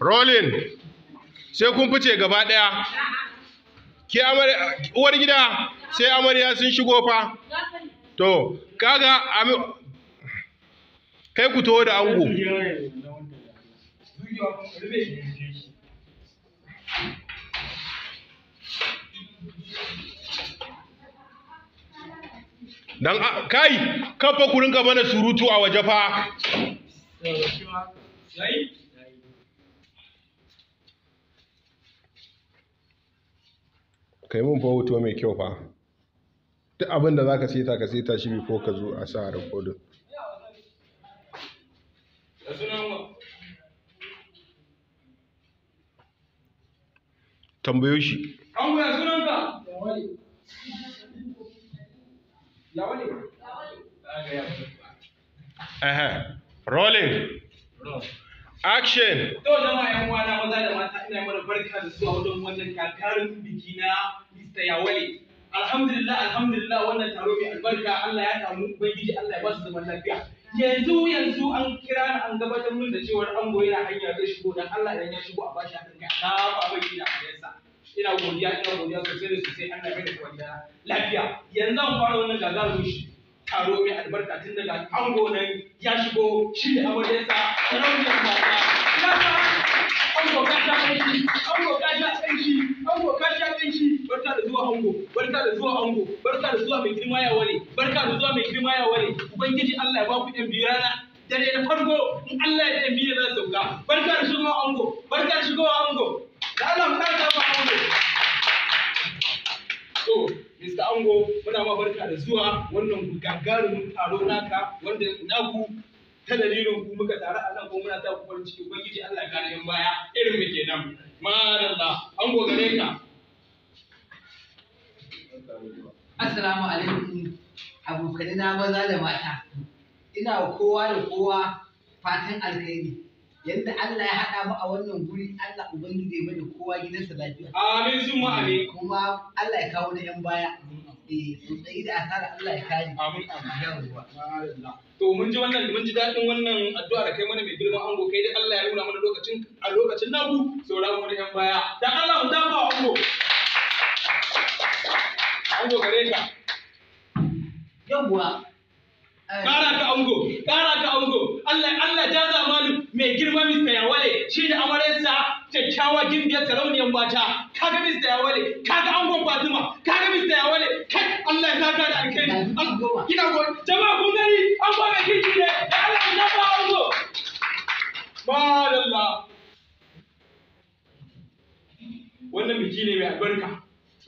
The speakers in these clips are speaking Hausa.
rolling sai kun fice gaba ɗaya ke uwar gida sai amarya sun shigo fa to kaga kai ku taho da ango dan kai kafa ku rinka mana surutu a waje fa kai mun fa hoto mai kyau fa duk abin da zaka saita ka saita shi ko ka zo a sa a recording tambayo shi an goya sunan ka ya wale rolling action to jama'a yan uwa na maza da mata ina mana barka da su a wajen wannan kakarin biki na da yawale alhamdulillah alhamdulillah wannan taro mai albarka Allah ya samu ubangiji Allah ya ba su zaman lafiya yanzu yanzu an kira ni an gabatar min da cewar an goyi na hanya zai shigo dan Allah idan ya shigo a bashi hakan kai na ba mai gida a yasa ina godiya ina godiya sosai da sosai Allah ya da godiya lafiya yanzu an fara wannan gagarumin shi taro mai albarka tun daga ango nan ya shigo shi da amaryarsa sarauniyar mata ango ka sha kanshi ango ka sha kanshi ango ka kanshi barka da zuwa ango barka da zuwa ango barka da zuwa mai girma ya ware barka da zuwa mai girma ya ware ubangiji Allah ya ba ku yan biyu rana dare na farko in Allah ya yan biyu za sauka barka da shigowa ango barka da shigowa ango da Allah ka ta ba ango to Mr. Ango muna ma barka da zuwa wannan gagarumin taro naka wanda naku ta dalilin ku muka tare a nan ko muna ta kuma farin ciki ubangiji Allah ya kare yan baya irin mu kenan madalla an gogare ka assalamu alaikum abokan na maza da mata ina kowa da kowa fatan alkhairi yadda Allah ya haɗa mu a wannan guri Allah ubangiji ya bada kowa gidansa lafiya amin zuma amin kuma Allah ya kawo na yan baya Eh, da asara Allah ya kare amin amin to mun ji wannan mun ji daɗin wannan addu'a da kai mana mai girman ango kai dai Allah ya nuna mana lokacin a lokacin naku sauraron mu da yan baya Da Allah mu dafa ango ango gare ka yawwa kara eh. ka ango kara ka ango kyakkyawa gindiyar sarauniyar mata kaga mista ya wale kaga angon fatima kaga mista ya wale kai Allah ya saka da alkhairi kina go jama'a kun gani an ba mai ne da Allah ya saka go madalla wannan biki ne mai albarka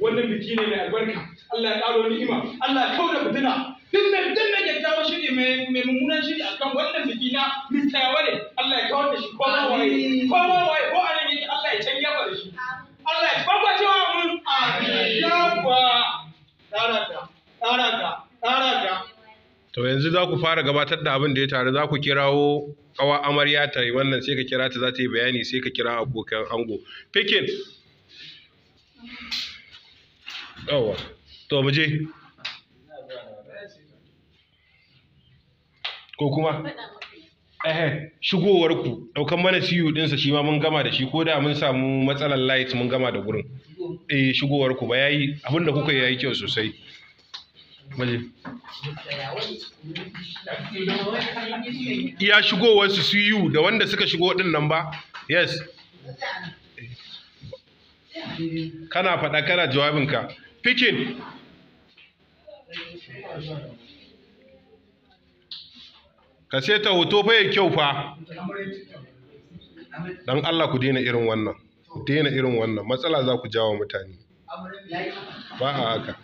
wannan biki ne mai albarka Allah ya karo ni'ima Allah ya kauda fitina duk mai duk mai shi shiri mai mai mummunan shiri akan wannan biki na mista ya Allah ya kawar da shi ko ma waye ko ma waye ko To yanzu za ku fara gabatar da abin da ya taru za ku kirawo kawa amarya ta yi wannan sai ka kira ta za ta yi bayani sai ka kira abokan ango. Pikin. Yawa. To mu je. Ko kuma? Ehe, shigowar ku daukan mana siyu dinsa shi ma mun gama da shi ko da mun samu matsalar light mun gama da gurin. Eh shigowar ku ba yayi abinda kuka yi yayi kyau sosai. Ya shigo wasu su yi da wanda suka shigo din nan ba yes kana faɗa kana jawabinka fikin ka ta hoto fa kyau fa dan Allah ku daina irin wannan ku daina irin wannan matsala za ku jawo mutane ba haka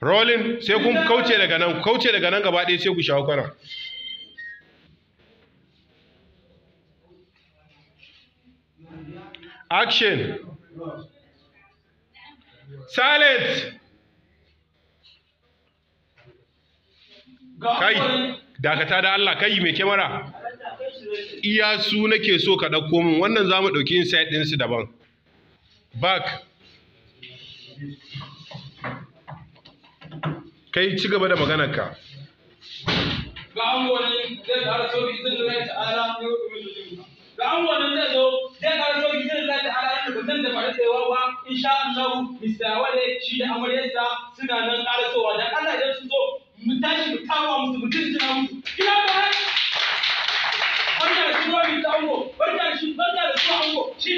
rolling sai kun kauce daga nan kauce daga nan gaba ɗaya sai ku shawo kwana action silent kai dakata da Allah kai mai kemara. iya su nake so ka ɗauko min wannan zamu mu ɗauki inside ɗinsu daban back kai ci gaba da maganarka ga an wani zai ƙara so bi ta'ala ga an wani zai zo zai ƙara so bi zai ta'ala ba zan da da amaryarsa suna nan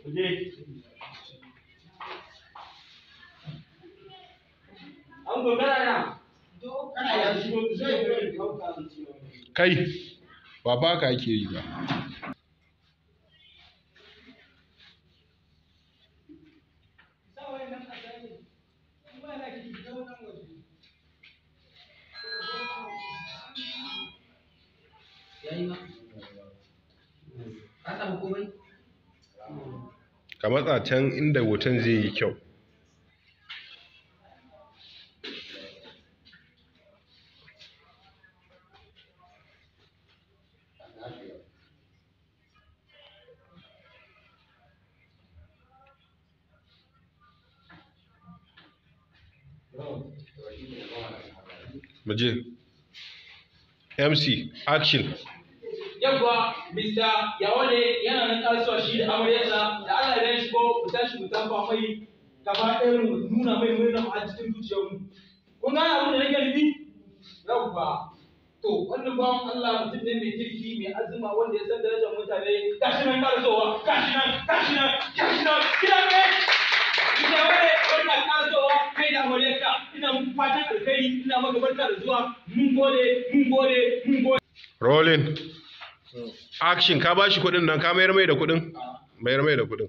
Kai, ba ka ake yi ba. ka matsa can inda hoton zai yi kyau muje mc action yabba mr yawale yana nan kasuwa shi da amaryarsa da Allah tashi mu tafa mai gaba ɗaya mu nuna mai mai na a cikin mu kun gane abin da nake nufi yawwa to wannan bawan Allah mutum ne mai kirki mai azuma wanda ya san darajar mutane gashi nan karsowa gashi nan gashi nan gashi nan kina ne ita wani wannan karsowa kai da amurka ina muku fatan alkhairi ina maka barka da zuwa mun gode mun gode mun gode rolling hmm. action ka bashi kuɗin nan ka mayar mai da kuɗin ah. mayar mai da kuɗin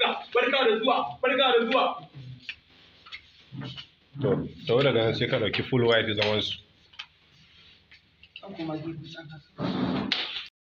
barka da zuwa barka da zuwa to to daga sai ka dauki full white zaman su kuma